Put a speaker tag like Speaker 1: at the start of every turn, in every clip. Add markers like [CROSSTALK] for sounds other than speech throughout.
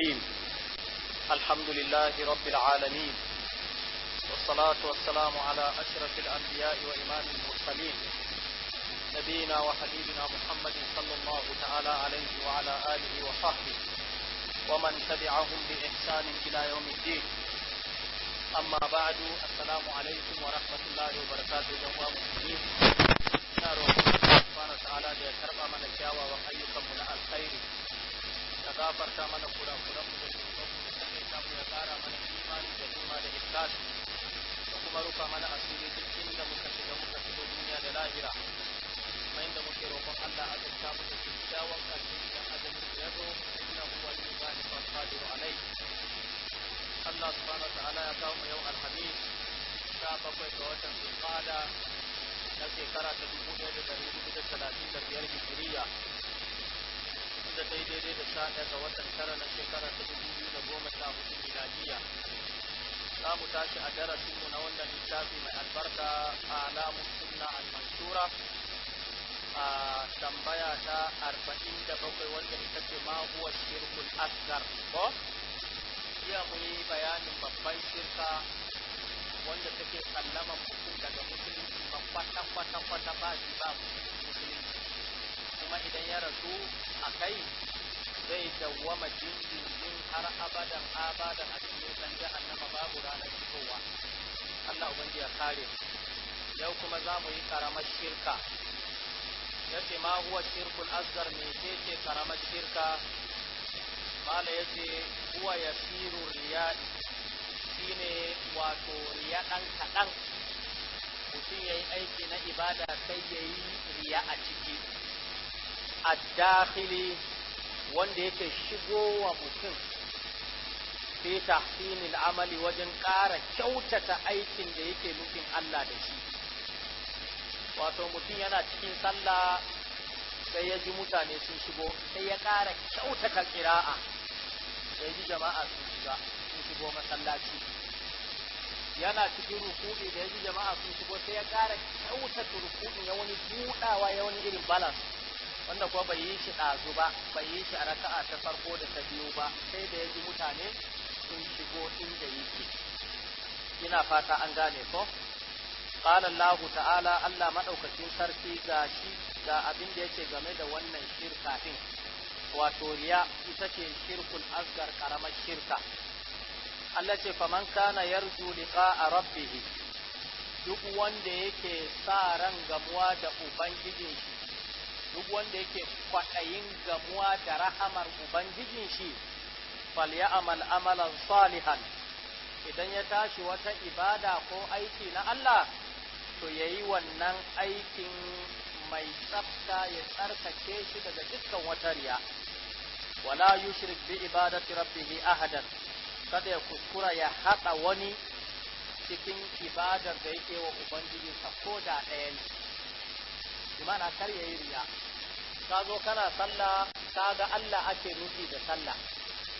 Speaker 1: الرحيم الحمد لله رب العالمين والصلاة والسلام على أشرف الأنبياء وإمام المرسلين نبينا وحبيبنا محمد صلى الله تعالى عليه وعلى آله وصحبه ومن تبعهم بإحسان إلى يوم الدين amma ba'du assalamu alaikum wa rahmatullahi wa barakatuh dan uwa ina roƙon ta'ala da ya karba mana kyawawan ayyukan mu na alkhairi ya gafarta mana kula mu da zunuban mu da sanin ya ƙara mana imani da himma da ikhlas da kuma rufa mana asiri duk inda muka shiga muka fito duniya da lahira kuma inda muke roƙon Allah azurta mu da kyakkyawan ƙarshe idan ajalin ya zo innahu waliyyu zalika alqadiru alayhi Allah subhanahu wa ta'ala ya kawo mu yau alhamis sha bakwai ga watan na shekara ta dubu ɗaya da ɗari hudu da talatin da biyar hijiriya ta yi daidai da sha ɗaya ga watan tara na shekara ta dubu biyu da goma sha hudu miladiya za mu tashi a na wannan littafi mai albarka a alamun a tambaya ta arba'in da bakwai wanda ita ce ma jiya muyi yi bayanin babban shirka wanda take sallama mutum daga musulunci ba kwata kwata kwata ba su ba musulunci kuma idan ya rasu a kai zai dawwama jinjin har abadan abadan a cikin san jahannama babu ranar fitowa Allah ubangi ya kare yau kuma za mu yi karamar shirka yace ma huwa shirkul asgar me ce karamar shirka mala ya ce kuwa ya siru riya shi ne wato riya ɗan kaɗan mutum ya yi aiki na ibada sai ya yi riya a ciki a dakili wanda yake wa mutum fi tahsinil amali wajen ƙara kyautata aikin da yake nufin Allah da shi wato mutum yana cikin sallah sai ya ji mutane sun shigo sai ya ƙara kyautata ƙira'a da jama'a sun shiga sun shigo masallaci yana cikin rukuɗi da ya ji jama'a sun shigo sai ya ƙara kyautata rukuɗin ya wani buɗawa ya wani irin balas wanda kuma bai yi shi ɗazu ba bai yi shi a raka'a ta farko da ta biyu ba sai da ya ji mutane sun shigo inda yake ina fata an gane ko قال الله تعالى Allah madaukakin sarki ga shi ga abin da yake game da wannan shirka din wato riya ita ce shirkun asgar karamar shirka Allah ce faman kana yarju liqa'a rabbih duk wanda yake sa ran gamuwa da ubangijin shi duk wanda yake kwaɗayin gamuwa da rahamar ubangijin shi fal ya'mal amalan salihan idan ya tashi wata ibada ko aiki na Allah to yayi wannan aikin mai tsafta ya tsarkake shi daga dukkan wata riya wala yushrik bi ibadati rabbihi ahadan kada ya kuskura ya hada wani cikin ibadar da yake wa ubangiji sa ko da ɗaya ne imana kar yayi riya ka zo kana sallah ka ga Allah ake nufi da sallah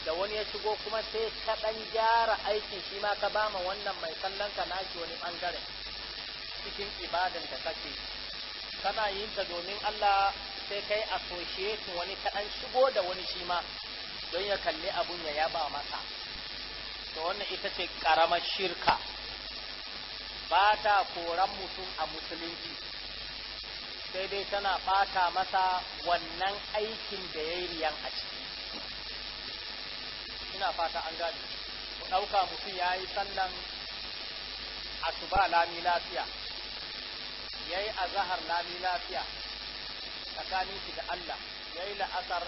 Speaker 1: da wani ya shigo kuma sai ka dan gyara aiki shi ma ka bama wannan mai sallan ka naki wani bangare cikin ibadan da kake kana yin ta domin Allah sai kai associating wani kaɗan shigo da wani shi ma don ya kalli abun ya yaba masa to wannan ita ce ƙaramar shirka ba ta koran mutum a musulunci sai dai tana ɓata masa wannan aikin da ya yi riyan a ciki ina fata an gane ku ɗauka mutum ya yi sannan asuba lami lafiya yayi yi azahar lami lafiya tsakanin shi da Allah ya yi la'asar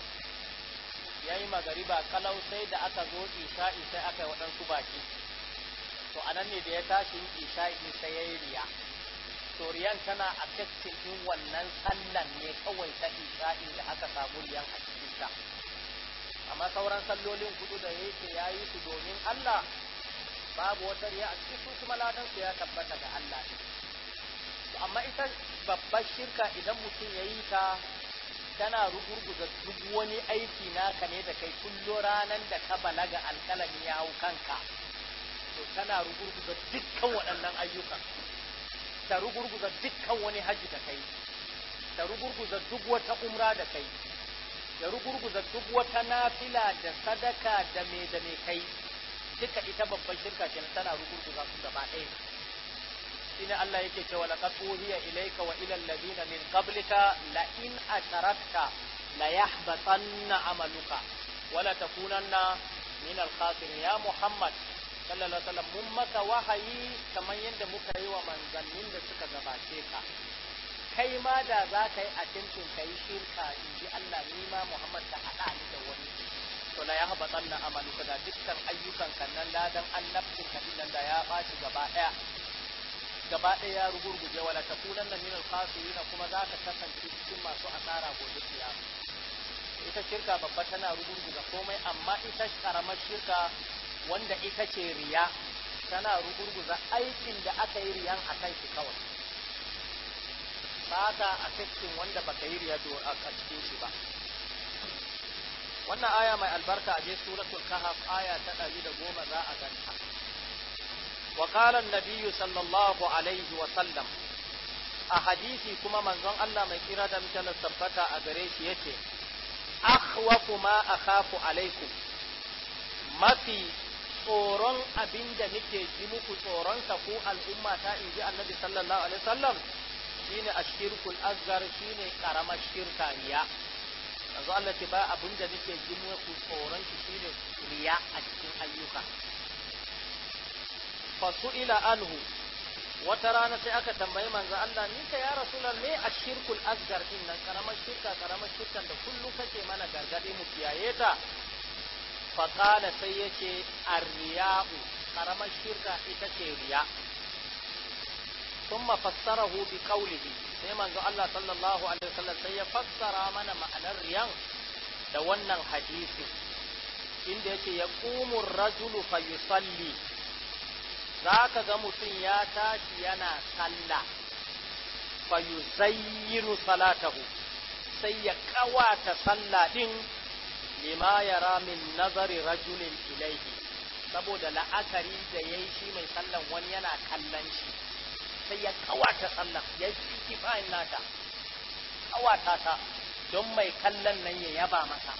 Speaker 1: ya yi magariba kalau sai da aka zo isa'i sai aka yi waɗansu baki to anan ne da ya tashi yin sai ya yi riya to riyan tana a cikin wannan sallan ne kawai ta isa'i da aka samu riyan a cikinta amma sauran sallolin kudu da yake ya yi su domin Allah babu wata riya a cikin su kuma su ya tabbata ga Allah ne amma ita babbar shirka idan mutum ya yi ta tana rugurguza duk wani aiki naka ne da kai kullo ranar da ka balaga alkalami ya hau kanka to tana rugurguza dukkan waɗannan ayyukan ta rugurguza dukkan wani haji da kai ta rugurguza duk wata umra da kai da rugurguza duk wata nafila da sadaka da me da me kai duka ita babban shirka nan tana rugurguza su gaba ɗaya shine Allah yake cewa laqad uhiya ilayka wa ila alladhina min qablika la in atarakta la yahbatanna amaluka wa la takunanna min al-khasirin ya Muhammad sallallahu alaihi wasallam mun maka wahayi kamar yadda muka yi wa manzannin da suka gabace ka kai ma da za ka yi a cikin ka yi shirka in ji Allah ni ma Muhammad ta haɗa ni da wani to la ya haɓa da dukkan ayyukan kan nan ladan annabcin ka da ya baci gaba ɗaya gaba ɗaya ya rugurguje wala ta kunan na minal khasirin kuma za ka kasance cikin masu asara gobe kiyama ita shirka babba tana rugurguza komai amma ita karamar shirka wanda ita ce riya tana rugurguza aikin da aka yi riyan a kan shi kawai ba a cikin wanda baka yi riya a cikin shi ba wannan aya mai albarka a je suratul kahf aya ta goma za a ganta وقال النبي صلى الله عليه وسلم أحاديثي كما منظن الله من إرادة مثل السبتة أدريس يتي أخوف ما أخاف عليكم ما في tsoron abin da nake ji muku tsoronsa ko al'umma ta in ji annabi sallallahu alaihi wasallam shine ashirkul azgar shine karamar shirka riya yanzu Allah ce ba abin da nake ji muku tsoron shi shine riya a cikin ayyuka fasu'ila anhu wata rana sai aka tambayi manzo Allah ni ka ya rasulullah a shirkul asgar din nan karamar shirka karamar shirkan da kullum kake mana gargadi mu kiyaye ta fa qala sai yace arriya'u karamar shirka ita ce riya thumma fassarahu bi qawlihi sai manzo Allah sallallahu alaihi wasallam sai ya fassara mana ma'anar riyan da wannan hadisi inda yake yaqumu ar-rajulu fa yusalli za ka ga mutum ya tashi yana sallah fa yuzayyiru salatahu sai ya kawata sallah din lima yara min nazari rajulin ilaihi saboda la'akari da yayi shi mai sallan wani yana kallon shi sai ya kawata sallan ya ci kifayin nata kawata ta don mai kallon nan ya yaba masa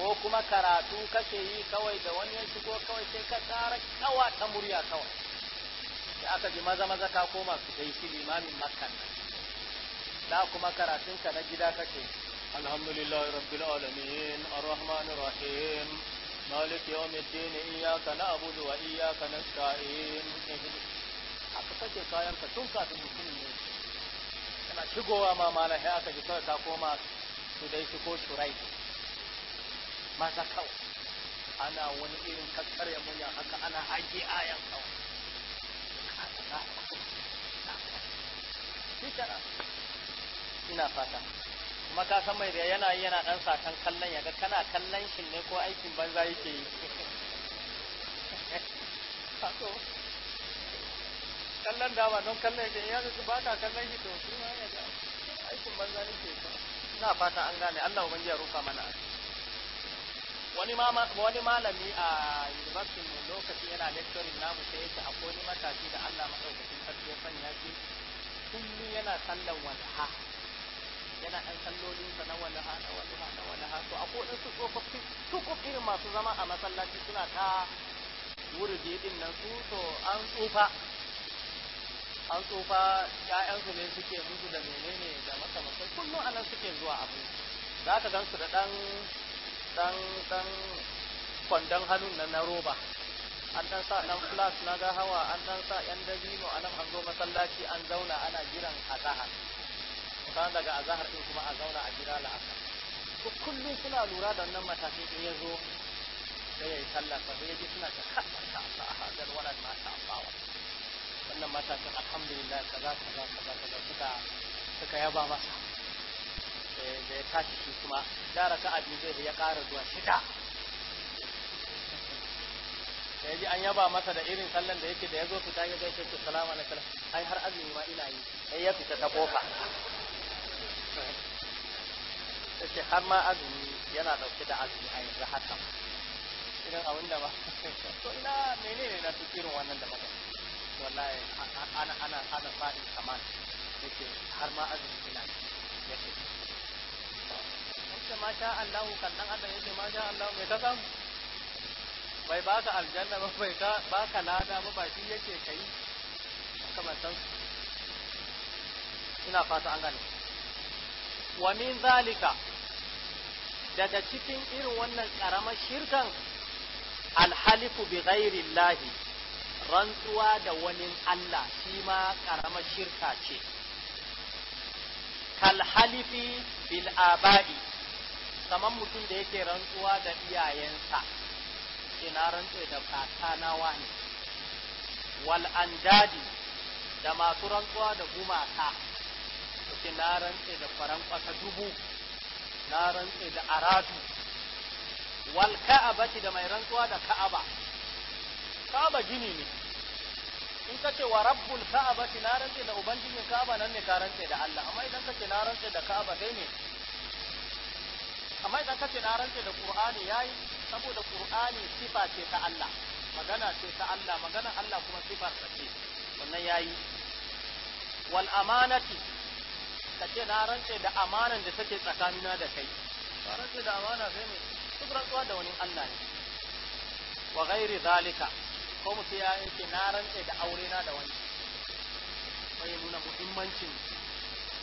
Speaker 1: ko kuma karatu kake yi kawai da wani ya shigo kawai sai ka tara kawa ta murya kawai da aka ji maza maza ka koma su dai shi limamin makkan da kuma karatunka na gida kake alhamdulillah rabbil alamin arrahmanir rahim مالك يوم الدين إياك نعبد وإياك نستعين Aka kake kayan ka tun kafin mutumin ne kana shigowa ma malai aka ji kawai ka koma su dai ko shurai mata kawai ana wani irin kakkar ya murya haka ana haƙi ayan kawai shekara ina fata kuma ka san mai da yana yi yana dan sakan kallon yaga kana kallon shin ne ko aikin banza yake yi kallon dama don kallon yake ya zai ba ka kallon shi to shi ma ya aikin banza yake yi ina fata an gane Allah ubangiji ya rufa mana asiri wani wani malami a university mu lokaci yana lecturing namu sai yace akwai wani matashi da Allah madaukakin sarki ya sanya shi kullu yana sallan ha yana ɗan sallolin sa na ha na walaha na walaha to akwai wadansu tsofaffi su irin masu zama a masallaci suna ta wurje din nan su to an tsufa an tsufa ƴaƴansu ne suke musu da menene da makamakai kullum anan suke zuwa abin za ka gan su da ɗan dan dan kwandon hannun nan na roba an dan sa nan flas na ga hawa an dan sa yan dabino a nan an zo masallaci an zauna ana jiran azahar kan daga azahar din kuma a zauna a jira la'asar to kullum suna lura da wannan matakin in ya zo sai ya yi sallah fa sai ya ji suna ta [LAUGHS] kasa ta a wannan mata bawa wannan matakin alhamdulillah kaza kaza kaza kaza suka suka yaba masa da ya tashi shi kuma da raka abin zai da ya ƙara zuwa shida da ji an yaba masa da irin sallan da yake da ya zo fita ya gaishe su salamu alaikum ai har azumi ma ina yi ai ya fita ta kofa sai har ma azumi yana dauke da azumi a yanzu haka idan abin da ba to ina menene na su irin wannan da baka wallahi ana ana ana fadin kamar yake har ma azumi ina yi yake ce masha Allah kan dan adam yace masha Allah mai ka samu bai baka aljanna ba bai ka baka lada ba ba shi yake kai makamantan ina fata an gane wa min zalika daga cikin irin wannan karamar shirkan alhalifu bi ghairi llahi rantsuwa da wani Allah shi ma karamar shirka ce kalhalifi bil abadi. kamar mutum da yake rantsuwa da iyayensa ce na rantsuwa da na wani wal andadi da masu rantsuwa da gumaka ce na rantsuwa da faran kwasa dubu na rantsuwa da aradu wal ce da mai rantsuwa da ka'aba ka'aba gini ne in ka ce wa rabbul ce na rantsuwa da ubangijin ka'aba nan ne ka rantsuwa da Allah amma idan ka ce na rantsuwa da ka'aba dai ne amma idan kace na rantse da qur'ani yayi saboda qur'ani sifa ce ta Allah magana ce ta Allah magana Allah kuma sifar ce wannan yayi wal amanati kace na rantse da amanan da take tsakanina da kai rantse da amana sai ne duk rantsuwa da wani Allah ne wa ghairi zalika ko mutum ya ki na rantse da aure na da wani sai nuna muhimmancin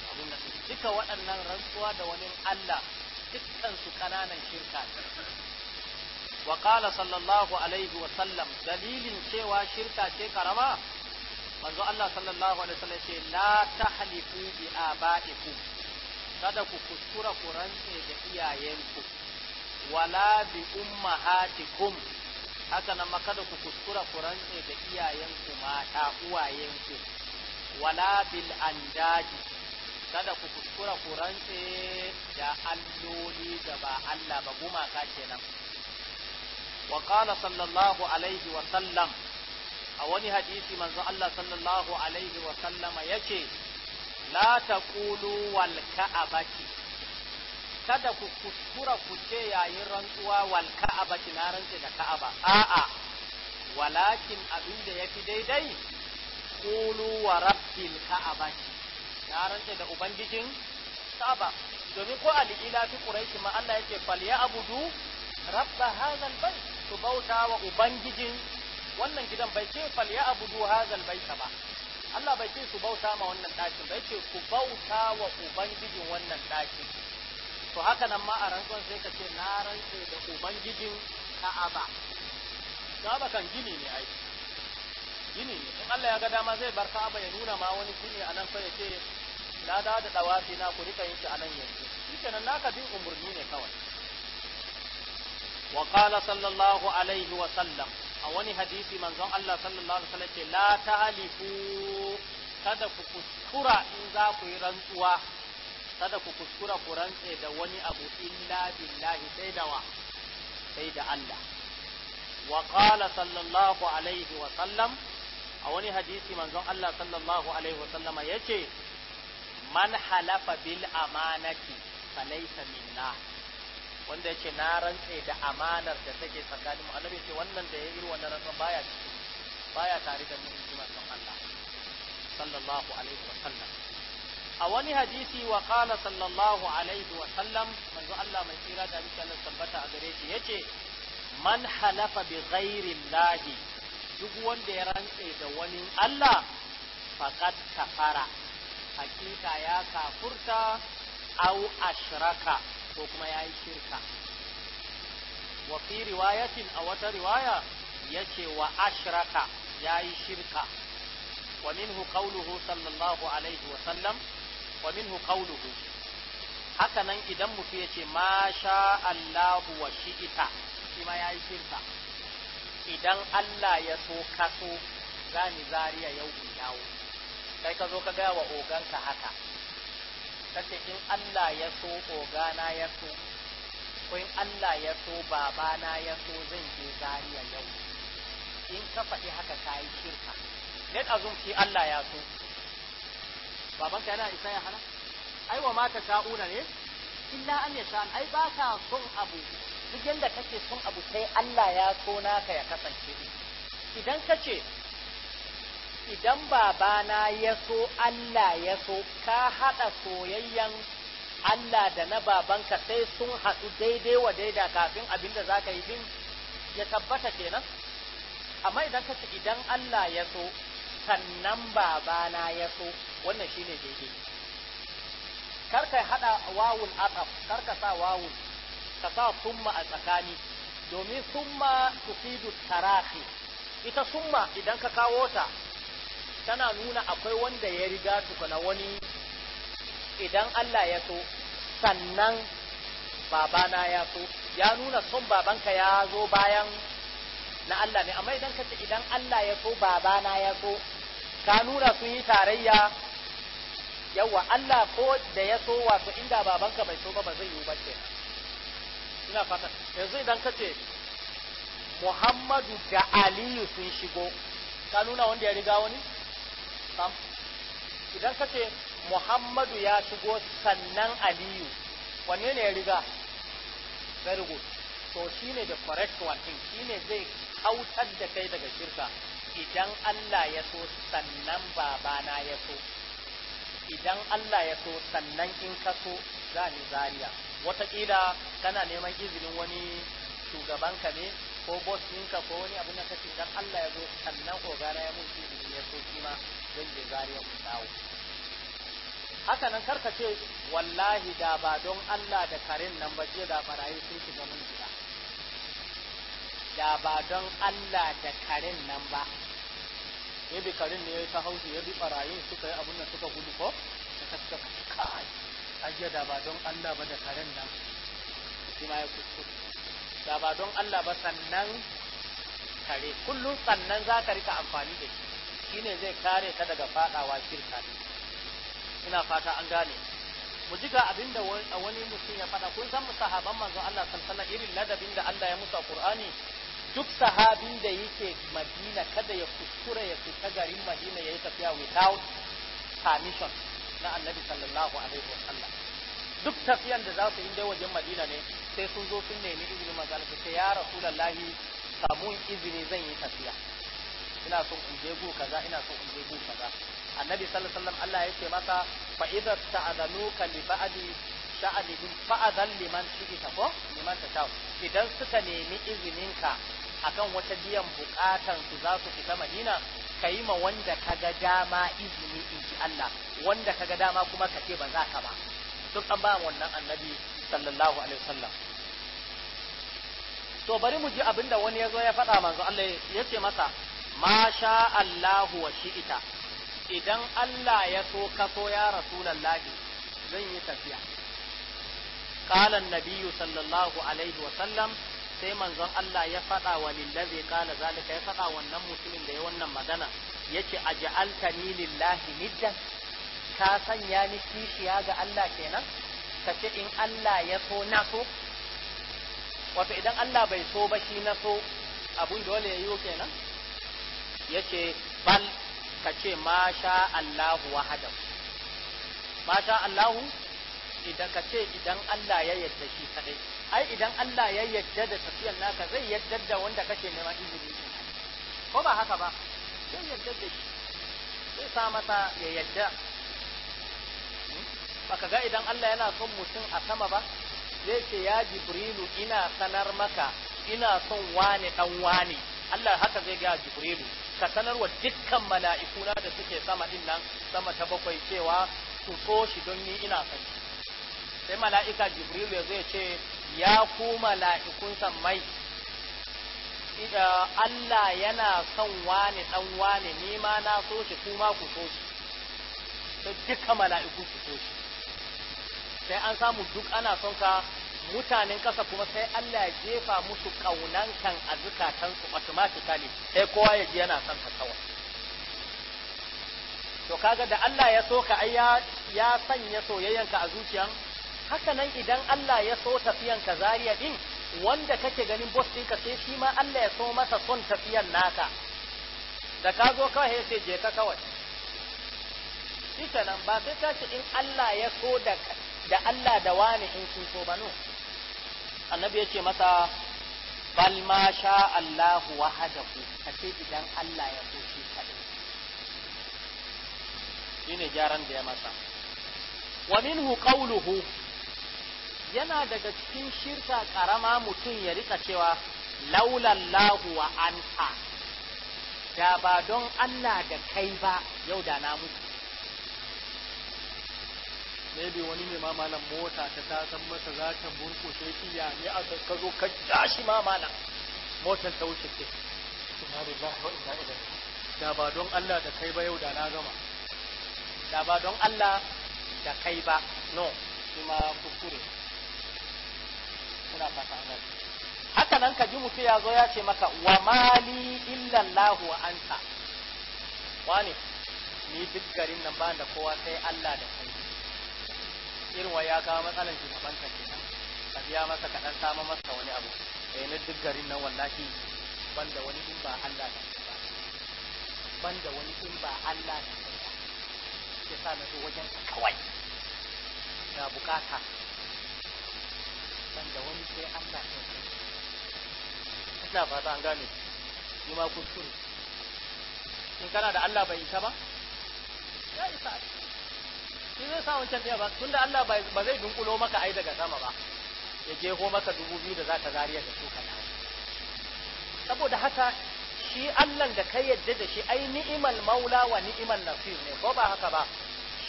Speaker 1: abin da duka waɗannan rantsuwa da wani Allah dukkan su kananan shirka wa qala sallallahu alaihi wa sallam dalilin cewa shirka ce karama manzo Allah sallallahu alaihi wa sallam ce la tahlifu bi ku kada ku kuskura ku rantse da iyayenku wala bi ummahatikum haka nan ma kada ku kuskura ku rantse da iyayenku mata uwayenku wala bil andaji kada ku kuskura ku rantse da alloli da ba Allah ba gumaka kenan wa qala sallallahu alaihi wa sallam a wani hadisi manzo Allah sallallahu alaihi wa sallama yace la taqulu wal ka'abati kada ku kuskura ku ce yayin rantsuwa wal ka'abati na rantse da ka'aba a'a walakin abin da yafi daidai qulu wa rabbil ka'abati ya rantse da ubangijin saba domin ko ila fi quraishi ma Allah yake fal ya abudu rabb hadha albayt su bauta wa ubangijin wannan gidan bai ce fal ya abudu hadha albayt ba Allah bai ce su bauta ma wannan ɗakin bai ce ku bauta wa ubangijin wannan ɗakin to haka nan ma a rantsuwan sai ka ce na rantse da ubangijin ka'aba ka'aba kan gini ne aiki gini in Allah ya ga dama zai bar Ka'aba ya nuna ma wani gini a nan sai ya ce na da da dawafi na ku rika yin shi a nan yanzu shikenan naka din umurni ne kawai wa qala sallallahu alaihi wa sallam a wani hadisi manzon Allah sallallahu alaihi wa sallam ce la ta'alifu kada ku kuskura in za ku yi rantsuwa kada ku kuskura ku rantse da wani abu illa billahi sai da wa sai da Allah wa qala sallallahu alaihi wa sallam a wani hadisi manzon Allah sallallahu alaihi wasallama ce, man halafa bil amanati falaysa minna wanda yake na rantse da amanar da take tsakanin mu annabi ce wannan da ya yi wannan rantsa baya cikin baya tare da mu ji manzon Allah sallallahu alaihi wasallam a wani hadisi wa qala sallallahu alaihi wasallam manzo Allah mai tsira da miki Allah tabbata a gare shi yace man halafa bi ghairi llahi duk wanda ya rantse da wani Allah faqad kafara hakika ya kafurta au ashraka ko kuma ya yi shirka wa fi riwayatin a wata riwaya yace wa ashraka ya yi shirka wa minhu qawluhu sallallahu alaihi wa sallam wa minhu qawluhu haka nan idan mutum yace ma sha Allahu wa shi'ita shi ma ya yi shirka idan Allah ya so ka so ni zariya yau in yawo kai ka zo ka gaya wa oganka haka kace in Allah ya so ogana ya so ko in Allah ya so babana ya so zan je zariya yau in ka faɗi haka ka yi shirka ne azumci Allah ya so babanka yana isa ya hana aiwa mata ta sha'una ne illa an sa ai ba ka son abu duk yanda kake son abu sai Allah ya so naka ya kasance idan ka ce idan babana ya so Allah ya so ka haɗa soyayyen Allah da na babanka sai sun haɗu daidai wa daida kafin abinda za ka yi din ya tabbata kenan amma idan ka ce idan Allah ya so sannan babana ya so wannan shine daidai karka hada wawun kar karka sa wawun ka sa summa a tsakani domin summa tufidu tarahi ita summa idan ka kawo ta tana nuna akwai wanda ya riga tukuna wani idan Allah ya so sannan babana ya so ya nuna son babanka ya zo bayan na Allah ne amma idan ka ce idan Allah ya so babana ya so ka nuna sun yi tarayya yawa Allah ko da ya so wato inda babanka bai so ba ba zai yi ba ke ina fata yanzu idan ka ce Muhammadu da Aliyu sun shigo ka nuna wanda ya riga wani sam idan ka ce Muhammadu ya shigo sannan Aliyu wanne ne ya riga very good to shine the correct one din shine zai kautar da kai daga shirka idan Allah ya so sannan babana ya so idan Allah ya so sannan in ka so za ni zariya wataƙila kana neman izinin wani shugabanka ne ko boss ɗinka ko wani abin da kake dan Allah ya zo sannan ogana ya mun izini ya so kima zan je zariya ku dawo haka nan karka ce wallahi da ba don Allah da karen nan ba je da barayi sun shiga mun gida da ba don Allah da karin nan ba ya bi karin ne ya ta haushi ya bi barayin suka yi abun nan suka gudu ko suka suka kai ajiya da ba don Allah ba da karen nan shi ma ya kuskure da ba don Allah ba sannan kare kullum sannan za ka rika amfani da shi Shi ne zai kare ka daga fadawa shirka ina fata an gane mu ji ga abin da wani mutum ya faɗa kun san sahaban manzon Allah sallallahu alaihi wasallam irin ladabin da Allah ya musa a Qur'ani duk sahabin da yake madina kada ya kuskura ya fita garin madina ya yi tafiya without permission na annabi sallallahu alaihi wa sallam. duk tafiyan da za su yi wajen madina ne sai sun zo sun nemi izinin manzala su ce ya rasulallahi samun izini zan yi tafiya ina son in je gu kaza ina son in je gu kaza annabi sallallahu alaihi wa sallam Allah ya ce masa fa idza ta'adanuka li ba'di sha'adihim fa'adan liman shi'ita ko liman tashaw idan suka nemi izininka. akan wata biyan bukatan su za su fita madina ka yi ma wanda ka ga dama izini in ji Allah wanda ka ga dama kuma ka ce ba za ka ba duk an ba wannan annabi sallallahu alaihi wasallam to bari mu ji abinda wani yazo ya faɗa manzo Allah ya ce masa masha Allah wa shi'ita idan Allah ya so ka so ya rasulullahi zan yi tafiya qala an-nabiy sallallahu alaihi wasallam sai manzon Allah ya faɗa wa lillazi qala zalika ya faɗa wannan mutumin da ya wannan magana yace ni lillahi nidda ka sanya ni kishiya ga Allah kenan kace in Allah ya so na so wato idan Allah bai so ba shi na so abun dole yayi kenan yace bal kace ma sha Allahu wahadahu masha Allahu idan ka ce idan Allah ya yarda shi kadai ai idan Allah ya yarda da tafiyar naka zai yarda da wanda kake neman izini shi ko ba haka ba zai yarda da shi zai sa masa ya yarda hmm? baka ga idan Allah yana son mutum a sama ba zai ce ya jibrilu ina sanar maka ina son wane dan wane Allah haka zai ga jibrilu ka sanarwa dukkan mala'ikuna da suke sama din sama ta bakwai cewa su so shi don ni ina son sai mala'ika jibril ya zai ce ya ku mala'ikun sammai ida Allah yana son wani dan wani ni na so shi kuma ku so shi sai duka mala'iku su so shi sai an samu duk ana son ka mutanen kasa kuma sai Allah ya jefa musu ƙaunan kan a zukatansu automatically sai kowa ya ji yana son ka kawai to kaga da Allah ya so ka ai ya sanya soyayyanka a zuciyan haka nan idan Allah ya so tafiyan ka zariya din wanda kake ganin boss ɗinka sai shi ma Allah ya so masa son tafiyan naka da ka zo kawai sai je ka kawai shi nan ba sai ka ce in Allah ya so da da Allah da wani in sun so ba no annabi ya masa bal ma sha Allahu wahadahu kace idan Allah ya so shi kadai shine jaran da ya masa wa minhu qawluhu yana daga cikin shirka karama mutum ya rika cewa laulallahu wa anta da ba don Allah da kai ba yau da na mutu maybe wani ne ma malam mota ta ta san masa za ta burko sai iya ne a ka zo ka tashi ma malam motar ta wuce ce da ba don Allah da kai ba yau da na gama da ba don Allah da kai ba no kuma kuskure fata haka nan ka ji mutum ya zo ya ce maka wa mali illa Allah wa anta wani ni duk garin nan ba da kowa sai Allah da kai irin wa ya kawo matsalan shi gaban ka kenan ka biya masa kadan ta samu masa wani abu eh ni duk garin nan wallahi banda wani in ba Allah da kai banda wani in ba Allah da kai ke sa na zo wajen kawai na bukata ban da wani sai Allah ya kai ina fata an gane ni ma kuskure in kana da Allah bai isa ba ya isa shi zai sa wancan ɗaya ba da Allah ba zai dunkulo maka ai daga sama ba ya jeho maka dubu biyu da za ka zariya da su ka saboda haka shi allah da ka yadda da shi ai ni'imal maula wa ni'imal nasir ne ko ba haka ba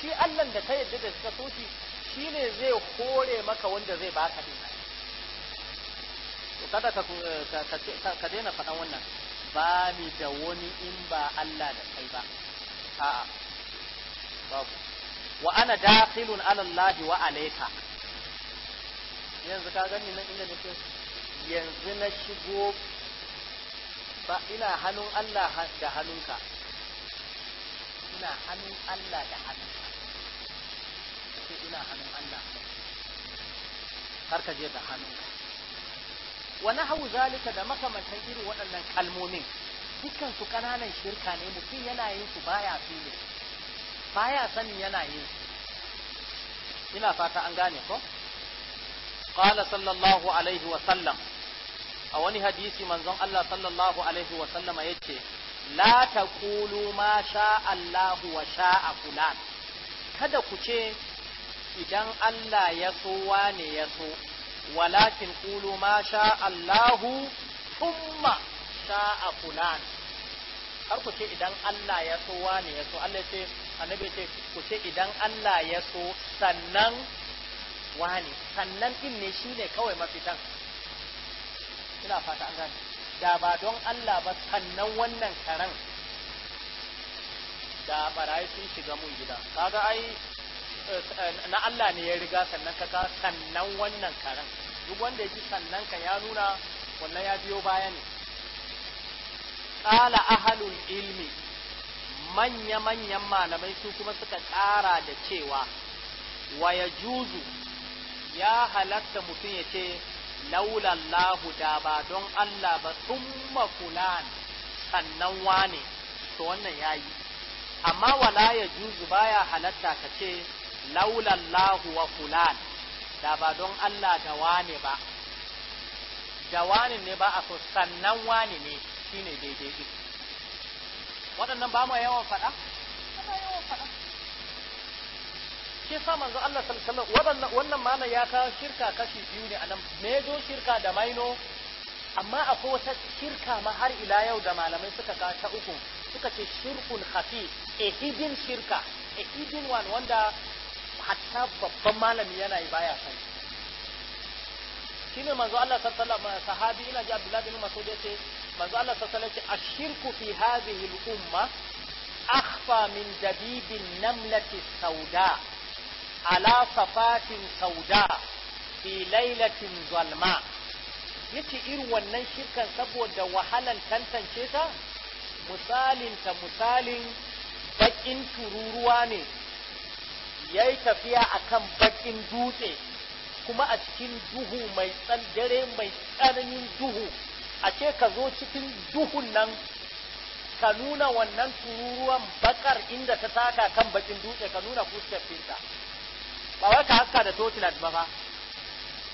Speaker 1: shi allah da ka yadda da shi ka shi shine zai kore maka wanda zai baka din kada ka ka daina faɗan wannan ba ni da wani in ba Allah da kai ba a'a babu wa ana dakhilun ala Allah wa alayka yanzu ka gani nan inda nake yanzu na shigo ba ina hannun Allah da hannunka ina hannun Allah da hannunka ina hannun Allah karka je da hannunka Wani nahawu zalika da makamantan irin waɗannan kalmomin dukkan su kananan shirka ne mutum yana yin su baya fili baya sanin yana yin su ina fata an gane ko qala sallallahu alaihi wa sallam a wani hadisi manzon Allah sallallahu alaihi wa sallama yace la taqulu ma sha Allah wa sha fulan kada ku ce idan Allah ya so ne ya so walakin kulu ma sha Allahu sha a fulan har ku ce idan Allah ya so wani ya so Allah ce annabi ce ku ce idan Allah ya so sannan wani sannan din ne shine kawai mafitan ina fata an gane da ba don Allah ba sannan wannan karan da barayi sun shiga mun gida kaga ai na Allah ne ya riga sannan ka ka sannan wannan karan duk wanda ya ji sannan ka ya nuna wannan ya biyo baya ne qala ahlul ilmi manya manyan malamai su kuma suka ƙara da cewa wa yajuzu ya halatta mutum ya ce laulallahu da ba don Allah ba summa fulan sannan wane to wannan yayi amma wala ya juzu baya halatta ka ce laulallahu wa fulan da ba don Allah da wane ba da wane ne ba a so sannan wane ne shine daidai ɗin waɗannan ba mu yawan faɗa ba yawan faɗa shi sa manzo Allah sallallahu alaihi wannan mana ya kawo shirka kashi biyu ne anan mejo shirka da maino amma akwai wata shirka ma har ila yau da malamai suka ka ta uku suka ce shirkun khafi ehidin shirka ehidin hidden wanda hatta babban malami yana yi baya sani shine manzo Allah sallallahu alaihi sahabi ina ji Abdullah bin Mas'ud yace manzo Allah sallallahu alaihi wasallam ashirku fi hadhihi al-umma akhfa min dabibin namlati sauda ala safatin sauda fi lailatin zalma yace irin wannan shirkan saboda wahalan tantance ta misalin ta misalin bakin tururuwa ne ya yi tafiya a kan bakin dutse kuma a cikin duhu mai tsandare mai tsananin duhu a ce ka zo cikin duhun nan ka nuna wannan tururuwan bakar inda ta taka kan bakin dutse ka nuna fuskar finta ba wai ka haska da totilat ba fa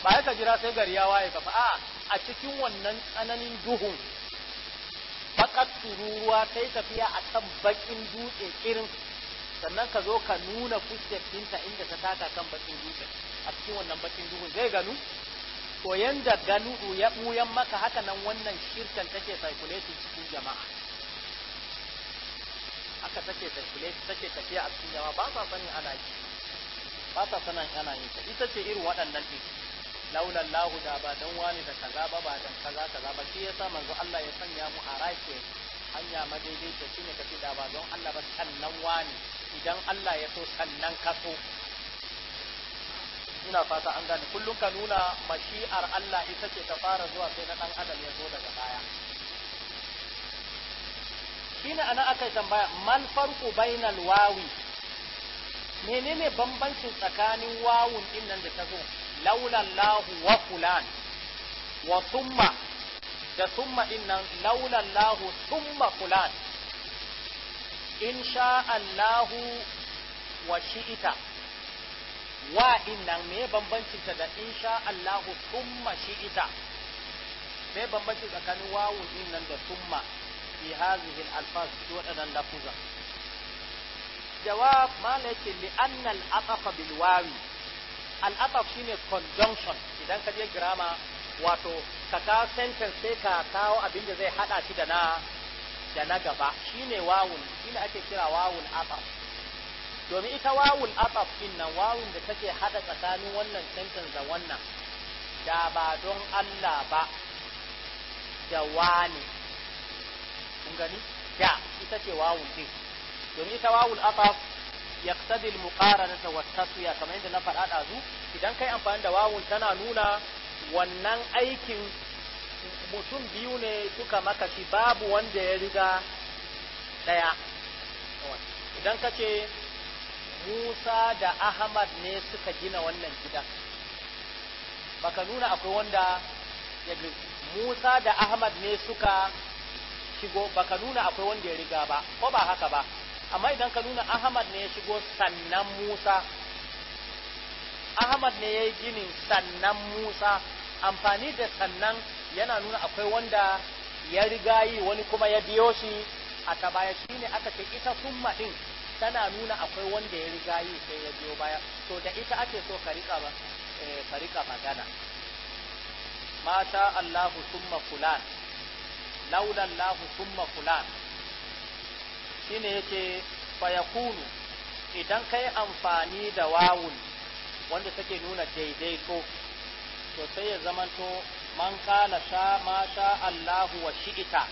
Speaker 1: ba ya ka jira sai gari ya waye ba a a cikin wannan tsananin duhun bakar tururuwa ta tafiya a kan bakin dutse irin sannan ka zo ka nuna footstep ɗinta inda ta taka kan bakin dutsen a cikin wannan bakin dutsen zai gano to yanda ganudu ya buyan maka haka nan wannan shirkan take circulating cikin jama'a haka take circulating take tafiya a cikin jama'a ba sa sanin ana yi ba sa sanin ana yi ta ita ce irin waɗannan din laula lahu da ba dan wani da kaza ba ba dan kaza kaza ba shi yasa manzo Allah ya sanya mu a rafi hanya madaidaita shine ka fi ba don Allah ba sannan wani idan Allah ya so sannan ka so ina fata an gane kullum ka nuna mashi'ar Allah ita ce ta fara zuwa sai na dan adam ya zo daga baya shine ana aka tambaya man farqu bainal wawi menene bambancin tsakanin wawun din nan da ta zo laula lahu wa fulan wa thumma da summa dinnan laulallahu summa fulan in sha Allahu wa shi'ita wa dinnan me bambancin ta da in sha Allahu summa shi'ita me bambancin tsakanin wawu dinnan da summa fi hadhihi al-alfaz wadannan lafuza jawab malaki li anna al-ataf bil wawi al-ataf shine conjunction idan ka je grammar wato ka ka sentence sai ka kawo abin da zai hada shi da na da na gaba shine wawun shine ake kira wawun aqaf domin ita wawun aqaf din nan wawun da take hada tsakanin wannan sentence da wannan da ba don Allah ba da wani kun gani da ita ce wawun din domin ita wawun aqaf yaqtadi al-muqaranata wa taswiya kamar yadda na faɗa ɗazu idan kai amfani da wawun tana nuna wannan aikin mutum biyu ne suka maka shi babu wanda ya riga ɗaya idan ka ce musa da ahmad ne suka gina wannan gidan baka nuna akwai wanda ya musa da ahmad ne suka shigo baka nuna akwai wanda ya riga ba ko ba haka ba amma idan ka nuna ahmad ne ya shigo sannan musa ahmad ne ya yi ginin sannan musa amfani da sannan yana nuna akwai wanda ya riga yi wani kuma ya biyo shi a ta baya shi ne aka ce ita summa ɗin tana nuna akwai wanda ya riga yi sai ya biyo baya to da ita ake so ka riƙa ba eh, ka magana mata Allahu summa fulan laula Allahu summa fulan shine yake fayakunu idan kai amfani da wawun wanda take nuna daidaito to sai ya zamanto man kala sha ma sha Allahu wa shi'ita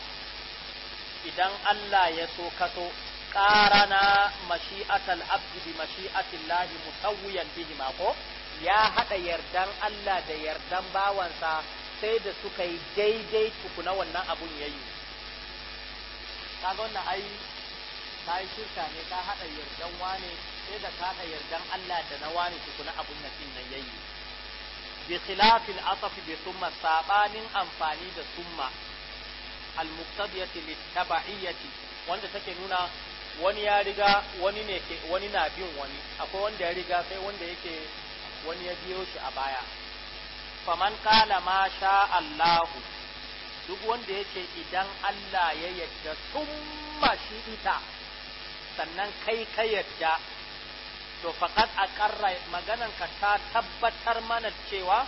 Speaker 1: idan Allah ya so kaso qarana mashi'atal abdi bi mashi'atillahi mutawiyan bihi ma ko ya hada yardan Allah da yardan bawansa sai da suka yi daidai tukuna wannan abun yayi kaga wannan ai ka yi shirka ne ta haɗa yardan wane sai da ka haɗa yardan Allah da na wane tukuna abun na nan yayi bi khilafil asaf bi summa sabanin amfani da summa al muqtadiyati tabaiyati wanda take nuna wani ya riga wani ne ke wani na bin wani akwai wanda ya riga sai wanda yake wani ya biyo shi a baya faman kala ma sha Allahu duk wanda yake idan Allah ya yadda summa shi ita sannan kai ka yarda to faqad aqarra maganan ka ta tabbatar mana cewa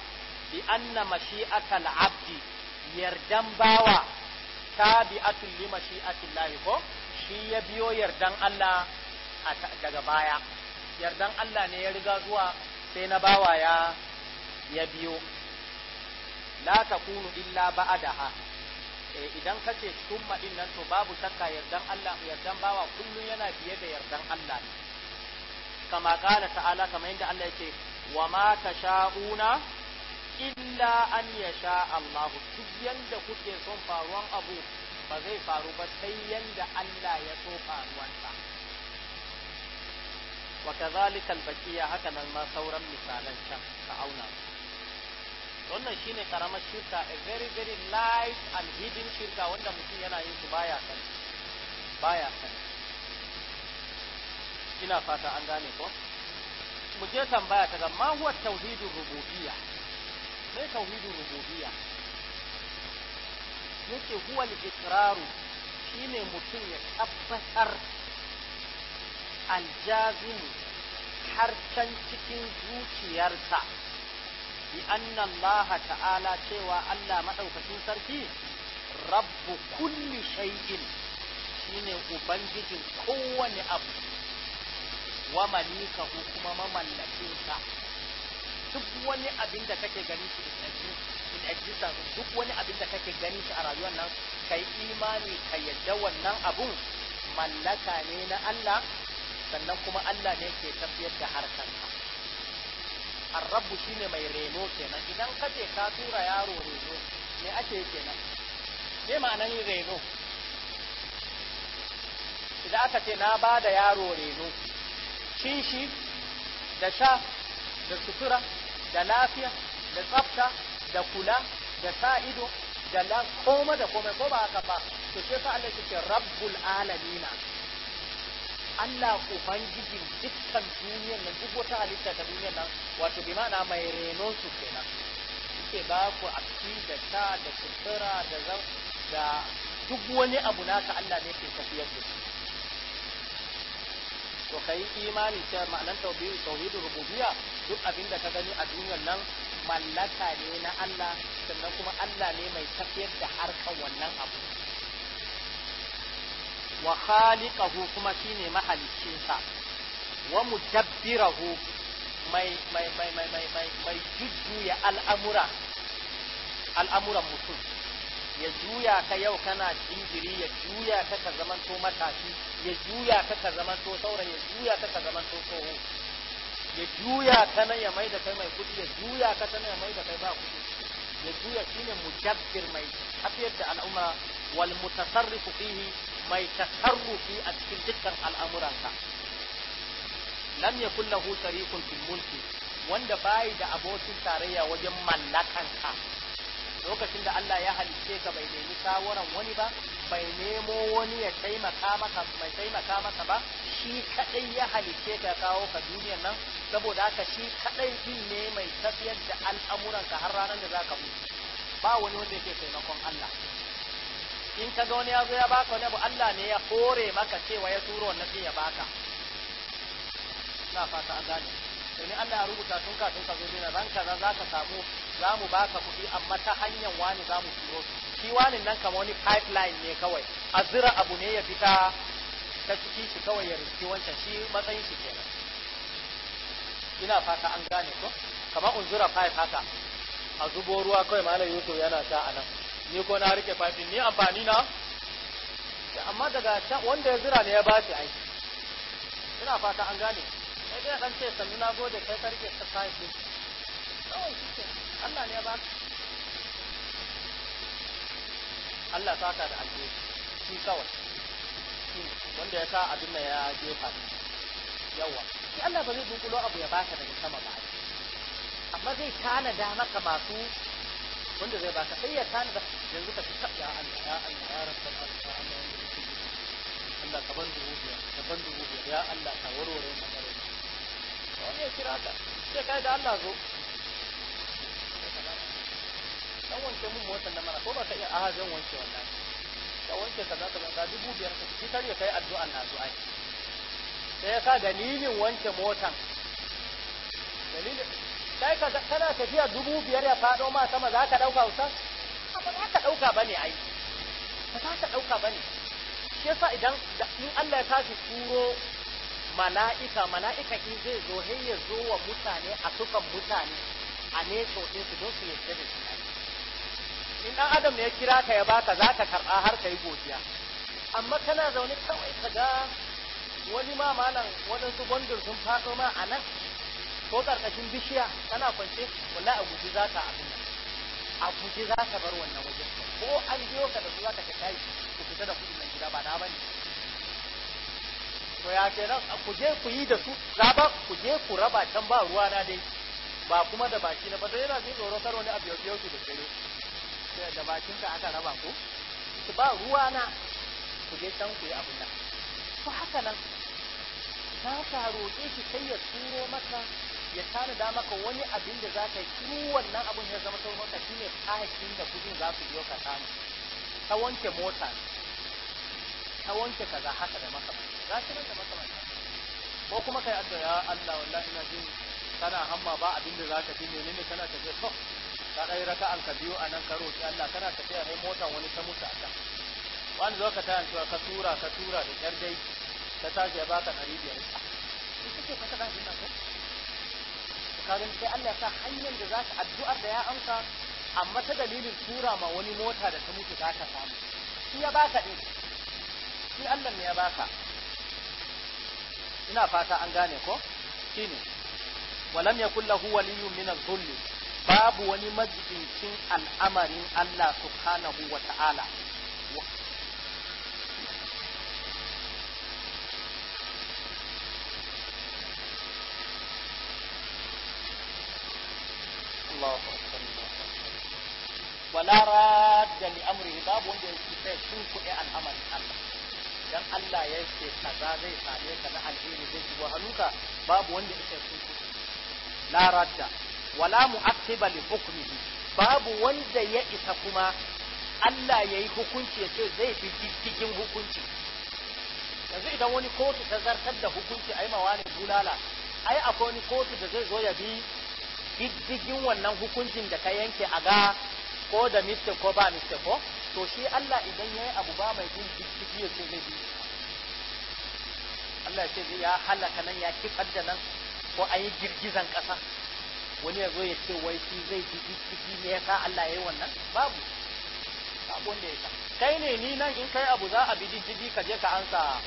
Speaker 1: bi anna mashi'atal abdi yardan bawa tabi'atul li mashi'atillahi ko shi ya biyo yardan Allah daga baya yardan Allah ne ya riga zuwa sai na bawa ya ya biyo la takunu illa ba'daha Eh, idan ka ce summa din nan to babu shakka yardan Allah yardan bawa kullun yana biye da yardan Allah ne kama kala ta'ala kamar yadda Allah yake wa ma tasha'una illa an yasha Allah duk yanda kuke son faruwan abu ba zai faru ba sai yanda Allah ya so sa wa kadhalika al-baqiya haka nan ma sauran misalan can ka auna su wannan shine karamar shirka a very very light and hidden shirka wanda mutum yana yin su baya sani baya sani ina fata an gane ko mu je tambaya ta ga ma huwa tauhidur rububiyya me tauhidur rububiyya yake huwa al-iqraru shine mutum ya tabbatar aljazim har can cikin zuciyarsa bi anna Allah ta'ala cewa Allah madaukakin sarki rabbu kulli shay'in shine ubangijin kowane abu wa malika kuma mamallakin sa duk wani abin da kake gani shi in existence duk wani abin da kake gani shi a rayuwar nan kai imani ka yadda wannan abun mallaka ne na Allah sannan kuma Allah ne ke tafiyar da harkarsa arrabu shine mai reno kenan idan ka ce ka tura yaro reno me ake kenan me ma'anar reno idan aka ce na ba da yaro reno cin shi da sha da sutura da lafiya da tsafta da kula da sa ido da koma da komai ko ba haka ba to sai sa Allah yake rabbul alamina Allah ubangijin dukkan duniyar nan duk wata halitta ta duniyar nan wato bi ma'ana mai renon su kenan yake ba ku abci da ta da sutura da zan da duk wani abu naka Allah ne ke tafiyar da su to kai imani ta ma'anar tauhidu tauhidu rububiyya duk abin da ka gani a duniyar nan mallaka ne na Allah sannan kuma Allah ne mai tafiyar da harkan wannan abu wa khaliqahu kuma shine mahaliccin sa wa mudabbirahu mai mai mai mai mai mai mai ya al'amura al'amuran mutum ya juya ka yau kana jingiri ya juya ka ka zamanto matashi ya juya ka ka zamanto saurayi ya juya ka ka zamanto tsoho ya juya ka nan ya mai da kai mai kudi ya juya ka ta nan ya mai da kai ba kudi ya juya shine mujabbir mai tafiyar da al'umma wal mutasarrifu fihi mai tasarrufi a cikin dukkan al'amuranka lam yakun lahu tariqun fil mulki wanda bai da abokin tarayya wajen mallakanka lokacin da Allah ya halicce ka bai nemi sawaran wani ba bai nemo wani ya taimaka maka mai taimaka maka ba shi kaɗai ya halicce ka kawo ka duniyar nan saboda haka shi kaɗai din ne mai tafiyar da al'amuranka har ranar da zaka mutu ba wani wanda yake taimakon Allah in ka ga wani ya zo ya baka wani abu Allah ne ya hore maka cewa ya turo wannan din ya baka ina fata an gane domin Allah ya rubuta tun tun ka zo dina ran kaza za ka samu za mu baka kuɗi amma ta hanyar wani za mu turo shi wani nan kamar wani pipeline ne kawai a zira abu ne ya fita ta ciki shi kawai ya rufi wancan shi matsayin shi kenan ina fata an gane ko kamar unzura pipe haka a zubo ruwa kawai malam yusuf yana sha a nan ni ko na rike fafin ni amfani na amma daga wanda ya zira ne ya ba shi ai ina fata an gane sai dai dan ce sannu na gode kai ka rike ka sai ki kawai shi Allah ne ya ba Allah saka da alheri shi kawai wanda ya sa abin da ya jefa yawa shi Allah ba zai dunkulo abu ya ba ka daga sama ba amma zai tana da maka masu wanda zai baka sai ya tani da yanzu ka ta ya Allah ya Allah ya rabbal al Allah wanda kake yi Allah ka ban dubu ka ban dubu ya Allah ka warware matsaloli wani ya kira ka sai kai da Allah zo dan wanke mun motsa da mara ko ba ka iya ahazin wanke wannan ka wanke ka za ka ga dubu rubiya ka fitar ya kai addu'a na zuwa sai ka dalilin wanke motan dalilin sai ka kana tafiya dubu biyar ya fado ma sama za ka ɗauka wuta ba za ka ɗauka ba ne ai ba za ka ɗauka ba ne shi yasa idan in Allah ya tashi turo mala'ika mala'ika in zai zo har ya zo wa mutane a sukan mutane a neso su don su yadda da shi in ɗan adam ne ya kira ka ya baka za ka karɓa har ka yi godiya amma kana zaune kawai ka ga wani ma malam waɗansu sun faɗo ma a nan ko karkashin bishiya kana kwance wallahi a guji za ka abin nan a guji za ka bar wannan wajen ko an biyo ka da za ka kai ku fita da kudin nan gida ba na bane to ya kenan ku je ku yi da su za ba ku je ku raba can ba ruwa na dai ba kuma da baki na ba sai yana jin tsoro kar wani abu ya biyo ki da sai da bakin ka aka raba ku ba ruwa na ku je can ku yi abin nan to haka nan za ka roƙe shi sai ya turo maka ya tanada maka wani abin da za ka yi turu wannan abin ya zama sauran maka shine kayakin da kudin za su biyo ka samu ta wanke mota ta wanke kaza haka da maka za ka da maka ko kuma kai addu'a ya Allah wallahi ina jin kana hamma ba abin da za ka ji ne kana tafiya to ka dai raka ka biyu anan ka roki Allah kana tafiya sai motan wani ta mutu a kan wani zo ka tayan ka tura ka tura da kyar dai ta tashi ya baka ɗari biyar ita ce ka kaɗa jina ko kaga sai Allah ya sa hanyar da za ka addu'ar da ya amsa amma ta dalilin tura ma wani mota da ta mutu za ka samu shi ya baka ɗin shi Allah ne ya baka ina fata an gane ko shine walam yakul lahu waliyyun min adh-dhull babu wani majibincin al'amarin Allah subhanahu wa ta'ala الله أكبر wala radda li amrihi babu wanda ya ci sai sun kuɗe al'amarin Allah dan Allah ya ce kaza zai same ka na alheri zai shigo haluka babu wanda ya sun kuɗe la radda wala mu'aqqiba li hukmihi babu wanda ya isa kuma Allah ya yi hukunci ya ce zai bi cikin hukunci yanzu idan wani kotu ta zartar da hukunci ai ma wani bulala ai akwai wani kotu da zai zo ya bi diddigin wannan hukuncin da ka yanke a ga ko da mistake ko ba mistake ko to shi Allah idan yayi abu ba mai jin diddigi ya ce zai bi Allah ce ya halaka nan ya kifar da nan ko an yi girgizan ƙasa wani ya zo ya ce wai shi zai ji diddigi ne ya sa Allah ya yi wannan babu babu wanda ya sa kai ne ni nan in kai abu za a bi diddigi ka je ka ansa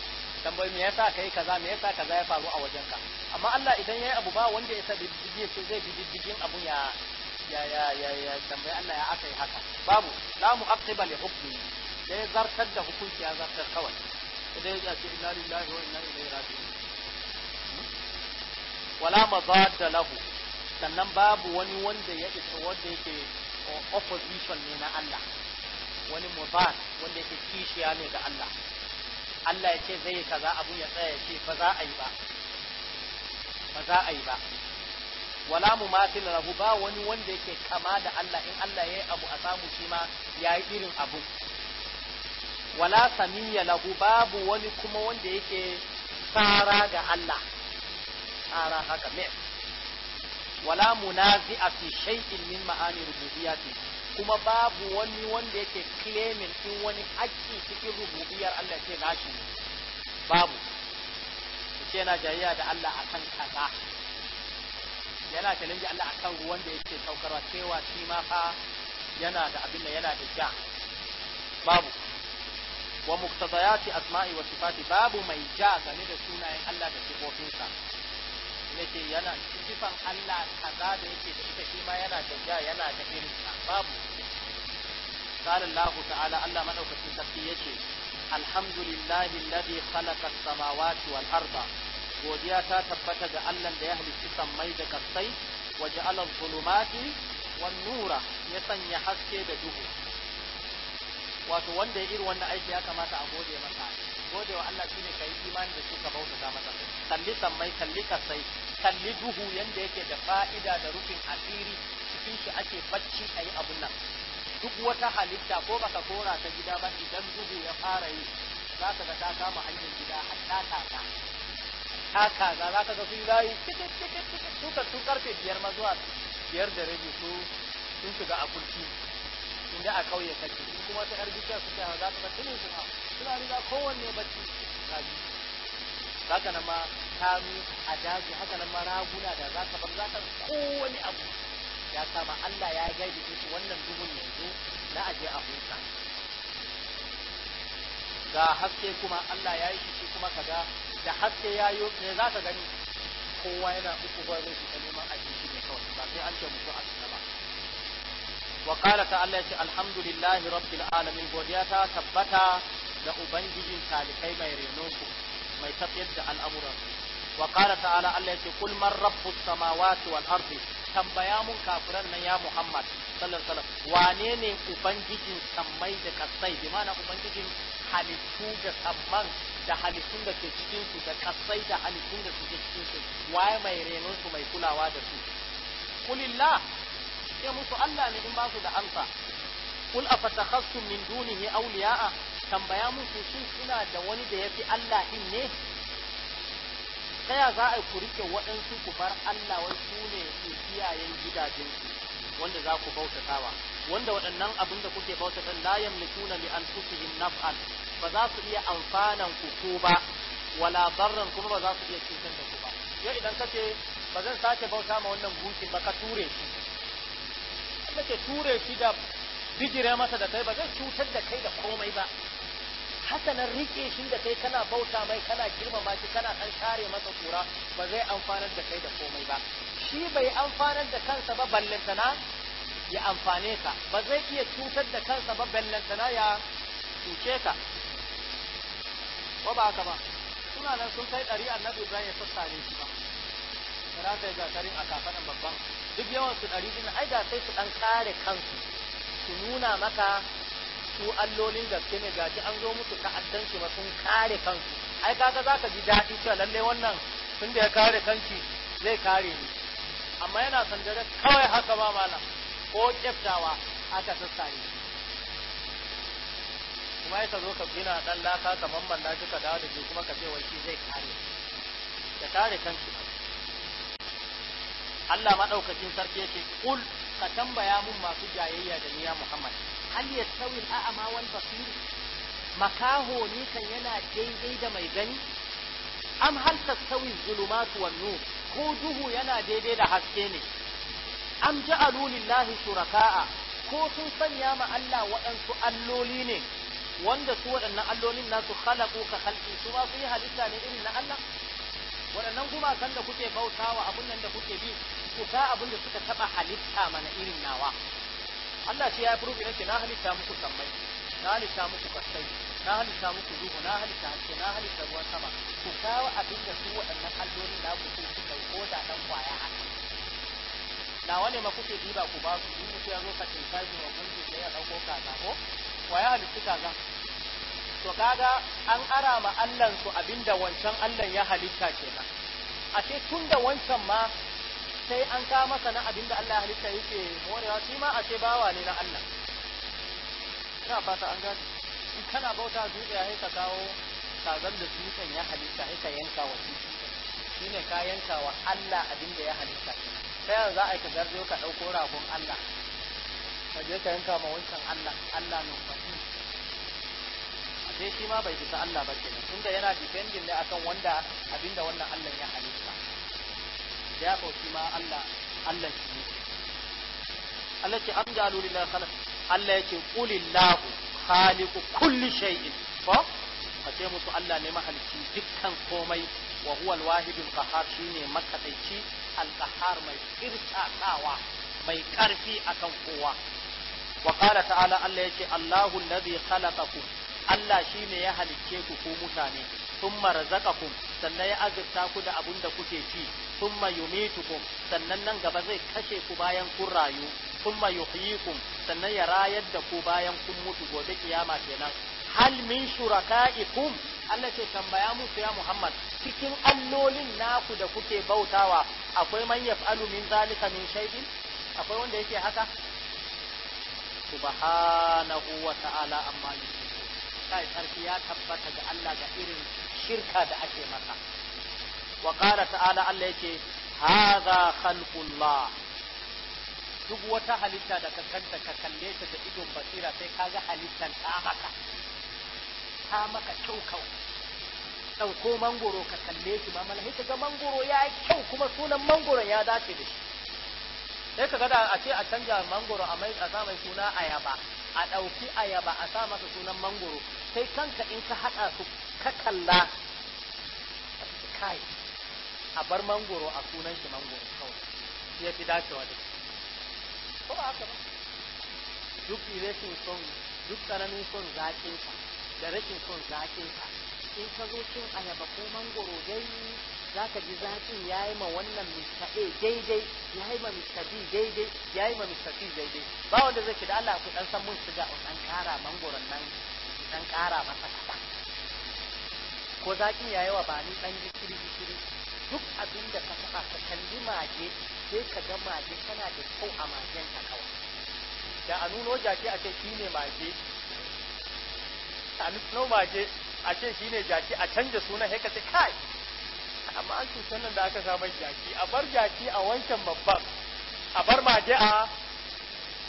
Speaker 1: tambayi me yasa kai kaza me yasa kaza ya faru a wajenka amma Allah idan yayi abu ba wanda ya sabi ya ce zai bi diddigin abun ya ya ya ya ya tambayi Allah ya aka yi haka babu la mu'aqqiba li hukmi sai zartar da hukunci ya zartar kawai idan ya ce inna lillahi wa inna ilaihi raji'un hmm? wala lahu sannan babu wani wanda ya isa wanda yake opposition ne na Allah wani muzad wanda yake kishiya ne ga Allah Allah ya ce zai yi kaza abu ya tsaya ce ba za a yi ba fa za a yi ba wala mu matil rahu ba wani wanda yake kama da Allah in Allah ya yi abu a samu shi ma ya yi irin abu wala samiya lahu babu wani kuma wanda yake tsara ga Allah tsara haka mai wala munazi'a fi shay'in min ma'ani rububiyyati kuma babu wani wanda yake claiming din wani haƙƙi cikin rububiyar Allah ce nashi babu ce na jayayya da Allah akan kaza yana challenge Allah akan ruwan da yake saukarwa cewa shi ma fa yana da abin da yana da ja babu wa muqtadayati asma'i wa sifati babu mai ja game da sunayen Allah da sifofinsa yace yana sifan Allah kaza da yake da ita shi ma yana da ja yana da irin babu قال الله تعالى الله ما نوكت تسقيته الحمد لله الذي خلق السماوات والأرض godiya ta tabbata ga Allah da ya halicci sammai da kasai waje alal wan nura ya sanya haske da duhu wato wanda ya iri wanda aiki ya kamata a gode masa gode wa Allah shine kai imani da suka ka ta masa kalli sammai kalli kasai kalli duhu yanda yake da fa'ida da rufin asiri cikin shi ake bacci ayi abun nan duk wata halitta ko baka kora ta gida ba idan duhu ya fara yi za ka ga ta kama hanyar gida a ta ta taka za za ka ga sun rayu tukar karfe biyar mazuwa biyar da rabi su sun shiga a abulci da a kauye kake kuma ta yar bishiyar suke yawa za ka ga tunin suna suna riga kowanne bacci ka haka nan ma kanu a daji haka nan ma raguna da za ka bar za ka kowane abu ya kama Allah ya gaida su wannan duhun yanzu na aje a huta ga haske kuma Allah ya yi shi kuma kaga da haske ya yi ne za ka gani kowa yana uku ba zai ta neman abinci ne kawai ba sai an ce mutum a ba wa qala ta Allah yace alhamdulillahi rabbil alamin godiya ta tabbata da ubangijin talikai mai reno ku mai tafiyar da al'amuran wa qala ta'ala Allah yace kul man rabbus samawati wal ardi tambaya mun kafuran nan ya Muhammad sallallahu alaihi wasallam wane ne ubangijin sammai da kasai bi mana ubangijin halittu da samman da halittun da ke cikin su da kasai da halittun da su mai renon su mai kulawa da su kulillah ce musu Allah ne in ba su da amsa kul afatakhassum min dunihi awliya'a tambaya musu shin suna da wani da yafi Allah din ne kaya za a ku rike waɗansu ku bar Allah wai su ne su kiyayen gidajensu wanda za ku bautatawa wanda waɗannan abin da kuke bautata la yamlikuna li anfusihim naf'an ba za su iya amfanan ku ko ba wala barran kuma ba za su iya cutar da ku ba yau idan kace ba zan sake bauta ma wannan gunkin ba ka ture shi kake ture shi da bijire masa da kai ba zai cutar da kai da komai ba haka nan rike shi da kai kana bauta mai kana girmama shi kana dan share masa kura ba zai amfanar da kai da komai ba shi bai amfanar da kansa ba ballantana ya amfane ka ba zai iya cutar da kansa ba ballantana ya cuce ka ko ba haka ba suna nan sun kai ɗari annabi ibrahim ya sassare shi ba da rataye gatarin a kafaɗan babban duk yawan su ɗari ɗin ai ga sai su ɗan kare kansu su nuna maka su allolin gaske ne gashi an zo musu ta'addanci ma sun kare kansu ai kaga zaka ji daɗi cewa lallai wannan tun da ya kare kanki zai kare ni amma yana sandare kawai haka ba malam ko kyaftawa aka sassare kuma ya zo ka gina ɗan laka kamar manna ka dawo da ke kuma ka ce wai zai kare ka kare kanki ba Allah maɗaukacin sarki yake kul ka tambaya mun masu jayayya da niya Muhammad hal yastawi al'ama wal basir makaho ne kan yana daidai da mai gani am hal tastawi zulumatu wan nur ko duhu yana daidai da haske ne am ja'alu lillahi shuraka'a ko sun sanya ma Allah waɗansu alloli ne wanda su waɗannan allolin nasu khalaqu ka khalqi su ma su yi halitta ne irin na Allah waɗannan gumakan da kuke bautawa abun nan da kuke bi ku sa abun da suka taɓa halitta mana irin nawa Allah shi ya yi furubi nake na halitta muku sammai na halitta muku kasai na halitta muku duhu na halitta haske na halitta ruwan sama ku kawo abin da su waɗannan allolin da ku suka yi ko da ɗan kwaya haka nawa ne ma kuke diba ku ba su in mutum ya zo ka tinta zuwa gungun ya ɗauko kaza ko kwaya halittu kaza to kaga an ara ma Allah su abinda wancan Allah ya halitta kenan ce tun da wancan ma sai an ka masa na abinda Allah ya halitta yake morewa shi ma a ce bawa ne na Allah ina fata an gani in kana bauta dutse sai ka kawo kazan da dutsen ya halitta sai ka yanka wa shine ka yanka wa Allah abinda ya halitta sai za a yi ka garzo ka ɗauko ragon Allah ka je ka yanka ma wancan Allah Allah ne sai shi ma bai bisa Allah ba kenan tunda yana difendin ne akan wanda abinda wannan Allah ya halitta ya ko ma Allah Allah shi ne Allah ce an jalu lillahi khalaq Allah yake qulillahu khaliqu kulli shay'in fa kace musu Allah ne mahalicci dukkan komai wa huwa alwahidul qahhar shine makadaici alqahhar mai kirtakawa mai karfi akan kowa wa qala ta'ala Allah yake Allahu alladhi khalaqakum Allah shi ne ya halicce ku ku mutane sun ku sannan ya azurta ku da abin da kuke ci sun yumitukum sannan nan gaba zai kashe ku bayan kun rayu sun yuhyikum sannan ya rayar da ku bayan kun mutu gobe kiyama kenan hal min shuraka'ikum Allah ce tambaya musu ya Muhammad cikin allolin naku da kuke bautawa akwai man yaf'alu min zalika min shay'in akwai wanda yake haka subhanahu wa ta'ala amma yushrikun sarki ya tabbata ga Allah ga irin shirka da ake masa wa qala ta'ala Allah yake hadha khalqullah duk wata halitta da ka kanta ka kalle ta da idon basira sai ka ga halittar ta maka ta maka kyau kau ɗauko mangoro ka kalle shi ma ga mangoro ya yi kyau kuma sunan mangoro ya dace da shi sai ka ga a ce a canja mangoro a mai a suna ayaba a ɗauki ayaba a sa masa sunan mangoro sai kanka in ka haɗa su ka kalla kai a bar mangoro a sunan shi mangoro kawai ya fi dacewa da ko ba haka ba duk rashin son duk tsananin son zaƙinsa da rashin son zaƙinsa in ka zo cin ayaba ko mangoro dai za ka ji zafin ya yi ma wannan mista a daidai ya yi ma mista b daidai ya yi ma mista c daidai ba wanda zai ce da allah ku dan san mun shiga a dan kara mangoron nan dan kara masa kaɗan ko zaƙin ya yi wa ba ni dan gishiri gishiri duk abin da ka taɓa ka kalli mage sai ka ga mage kana da kyau a magen ka kawai da a nuno jaki a ce shi ne mage a nuno mage a ce shi ne jaki a canja sunan haika ce kai amma an ce nan da aka samar jaki a bar jaki a wancan babban a bar maje a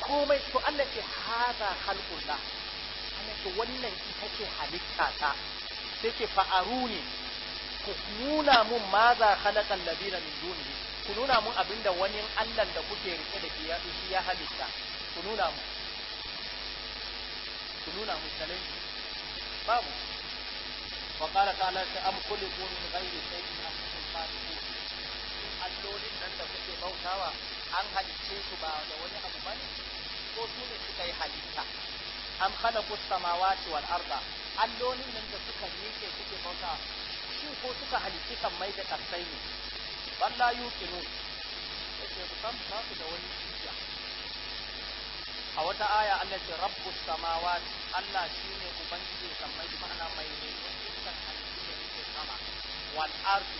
Speaker 1: komai to Allah ce haza halqullah Allah ce wannan ita ce halitta ta sai ke fa'aruni ku nuna mun maza khalaqal ladina min duni ku nuna mun abinda wani Allah da kuke rike da shi ya halitta ku nuna mun ku nuna mun babu وقال تعالى أم خلقوا من غير شيء أم هم خالقون allolin nan da kuke bautawa an halicce su ba da wani abu bane ko su ne suka yi halitta An am ku samawati wal arda allolin nan da suka miƙe kuke bauta shin ko suka halicci kan mai da kasai ne balla yuqinu yake kusan ba su da wani hujja a wata aya Allah ce rabbus samawati Allah shine ubangiji kan mai ma'ana mai ne wal ardi